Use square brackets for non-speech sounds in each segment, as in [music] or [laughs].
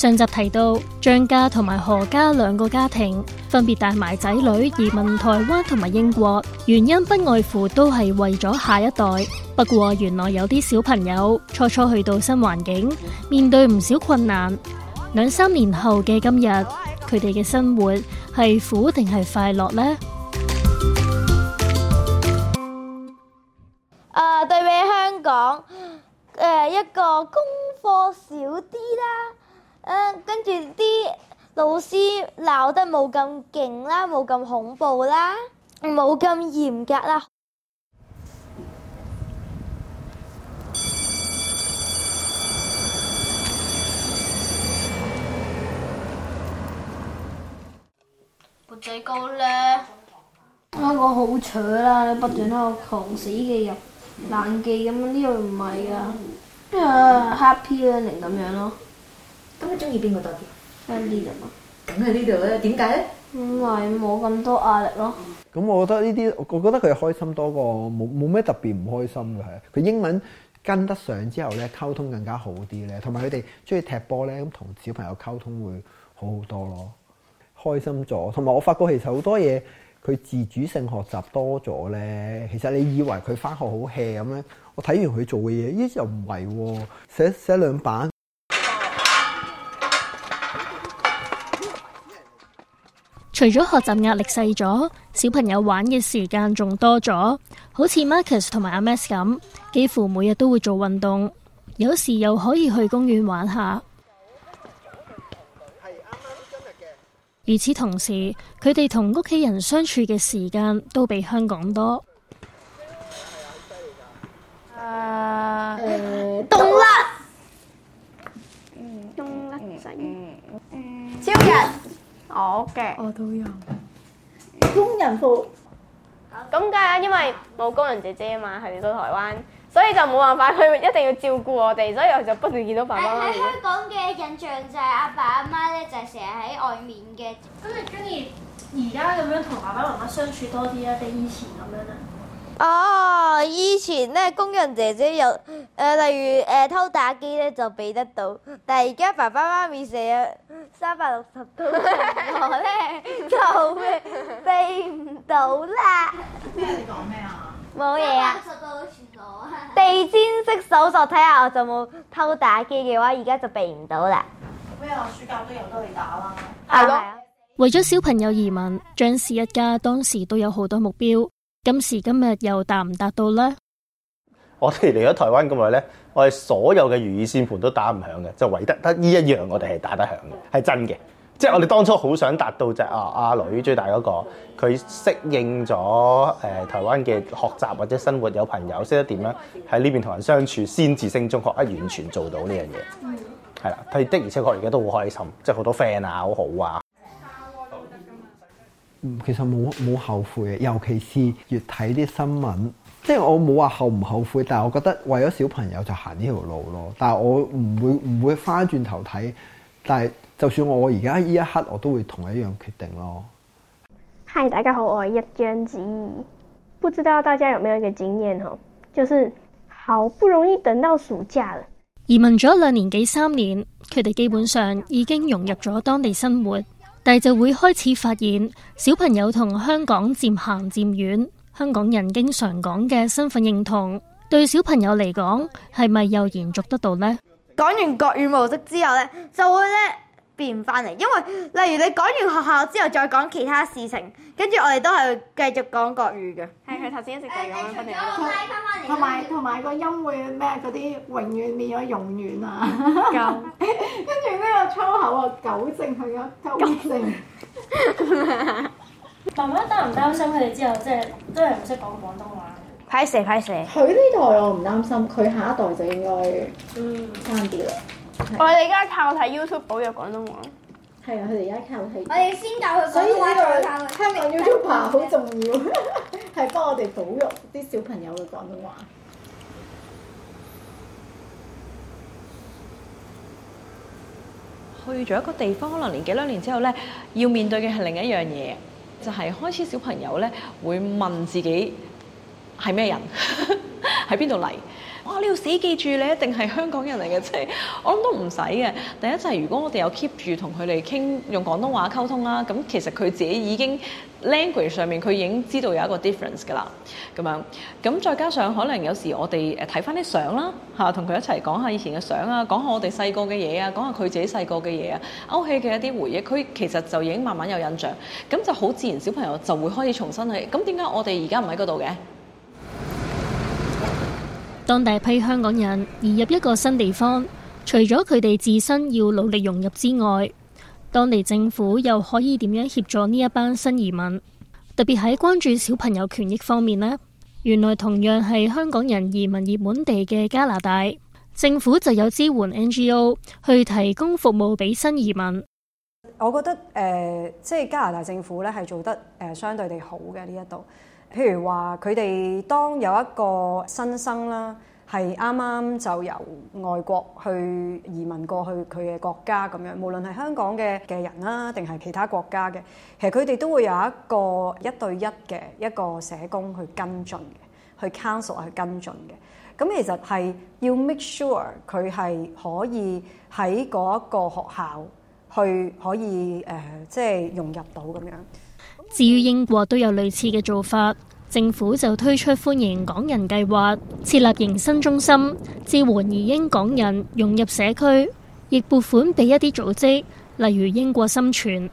上集提到張家同埋何家兩個家庭分別帶埋仔女移民台灣同埋英國，原因不外乎都係為咗下一代。不過原來有啲小朋友初初去到新環境，面對唔少困難。兩三年後嘅今日，佢哋嘅生活係苦定係快樂呢？誒，對比香港，誒，一個功課少啲啦。誒，跟住啲老師鬧得冇咁勁啦，冇咁恐怖啦，冇咁嚴格啦。缽仔糕咧，我覺得好扯啦，不斷喺度狂死機入爛記咁，呢個唔係㗎，呢個 happy ending 咁樣咯。咁你中意邊個多啲喺呢度啊？梗係呢度咧，點解咧？唔係冇咁多壓力咯。咁、嗯、我覺得呢啲，我覺得佢開心多過冇冇咩特別唔開心嘅係。佢英文跟得上之後咧，溝通更加好啲咧。同埋佢哋中意踢波咧，咁同小朋友溝通會好好多咯。開心咗，同埋我發覺其實好多嘢，佢自主性學習多咗咧。其實你以為佢返學好 hea 咁呢？我睇完佢做嘅嘢，咦又唔係喎，寫寫兩版。除咗學習壓力細咗，小朋友玩嘅時間仲多咗，好似 Marcus 同埋阿 Max 咁，幾乎每日都會做運動，有時又可以去公園玩下。與此同時，佢哋同屋企人相處嘅時間都比香港多。Uh, uh, 我嘅我都有。工人部。咁梗係因為冇工人姐姐啊嘛，係嚟到台灣，所以就冇辦法佢一定要照顧我哋，所以我就不斷見到爸爸媽媽。喺香港嘅印象就係阿爸阿媽咧，就係成日喺外面嘅。咁你中意而家咁樣同爸爸媽媽相處多啲啊，定以前咁樣咧？哦，以前咧，工人姐姐有誒、呃，例如誒、呃、偷打機咧就避得到，但係而家爸爸媽咪成日三百六十度，我 [laughs] 咧就避唔到啦。咩你講咩啊？冇嘢 [laughs] 啊。三百六十度廁所啊！地氈式搜索，睇下我就冇偷打機嘅話，而家就避唔到啦。咩我暑假都有得你打啦，係咯？為咗小朋友移民，張氏一家當時都有好多目標。今時今日又達唔達到咧？我哋嚟咗台灣咁耐咧，我哋所有嘅如意算盤都打唔響嘅，就唯得得呢一樣，我哋係打得響嘅，係真嘅。即係我哋當初好想達到就係、啊，阿女最大嗰個，佢適應咗誒、呃、台灣嘅學習或者生活，有朋友識得點啦，喺呢邊同人相處，先至升中學，完全做到呢樣嘢。係啦，佢的而且確而家都好開心，即係好多 friend 啊，好好啊。其實冇冇後悔嘅，尤其是越睇啲新聞，即係我冇話後唔後悔，但係我覺得為咗小朋友就行呢條路咯。但係我唔會唔會翻轉頭睇，但係就算我而家呢一刻，我都會同一樣決定咯。係，大家好，我係葉娟子。不知道大家有冇一個經驗，就是好不容易等到暑假了，移民咗兩年幾三年，佢哋基本上已經融入咗當地生活。但係就會開始發現，小朋友同香港漸行漸遠。香港人經常講嘅身份認同，對小朋友嚟講係咪又延續得到咧？講完國語模式之後咧，就會咧變翻嚟，因為例如你講完學校之後再講其他事情，跟住我哋都係繼續講國語嘅。係，佢頭先一直講翻嚟。同埋同埋個音會咩嗰啲，永遠變咗永遠啊！跟住呢個出。狗啊！狗正係啊！狗正。 [laughs] 媽媽擔唔擔心佢哋之後即係、就是、真係唔識講廣東話？派死，派死！佢呢代我唔擔心，佢下一代就應該嗯差啲啦。我哋而家靠睇 YouTube 保育廣東話。係啊，佢哋而家靠睇。我哋先教佢，所以呢個香港 YouTuber 好重要，係幫我哋保育啲小朋友嘅廣東話。 [laughs] 去咗一個地方，可能年幾兩年之後呢，要面對嘅係另一樣嘢，就係開始小朋友呢會問自己係咩人，喺邊度嚟。哇、哦！你要死記住，你一定係香港人嚟嘅，啫，我諗都唔使嘅。第一就係如果我哋有 keep 住同佢哋傾用廣東話溝通啦，咁其實佢自己已經 language 上面佢已經知道有一個 difference 㗎啦。咁樣咁再加上可能有時我哋誒睇翻啲相啦，吓同佢一齊講下以前嘅相啊，講下我哋細個嘅嘢啊，講下佢自己細個嘅嘢啊，勾起嘅一啲回憶，佢其實就已經慢慢有印象，咁就好自然小朋友就會開始重新去。咁點解我哋而家唔喺嗰度嘅？當大批香港人移入一個新地方，除咗佢哋自身要努力融入之外，當地政府又可以點樣協助呢一班新移民？特別喺關注小朋友權益方面呢，原來同樣係香港人移民熱門地嘅加拿大政府就有支援 NGO 去提供服務俾新移民。我覺得、呃、即係加拿大政府咧係做得、呃、相對地好嘅呢一度。譬如話，佢哋當有一個新生啦，係啱啱就由外國去移民過去佢嘅國家咁樣，無論係香港嘅嘅人啦、啊，定係其他國家嘅，其實佢哋都會有一個一對一嘅一個社工去跟進嘅，去 counsel 去跟進嘅。咁其實係要 make sure 佢係可以喺嗰一個學校去可以誒、呃，即係融入到咁樣。至於英國都有類似嘅做法，政府就推出歡迎港人計劃，設立迎新中心，支援移英港人融入社區，亦撥款畀一啲組織，例如英國心存，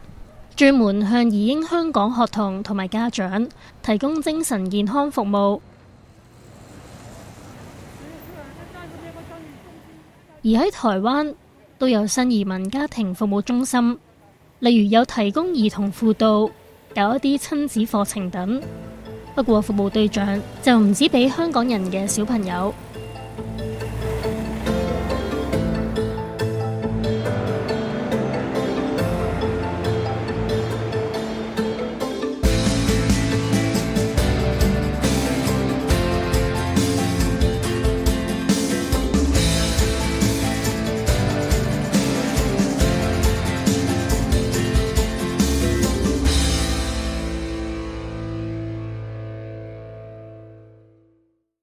專門向移英香港學童同埋家長提供精神健康服務。 [music] 而喺台灣都有新移民家庭服務中心，例如有提供兒童輔導。有一啲親子課程等，不過服務對象就唔止俾香港人嘅小朋友。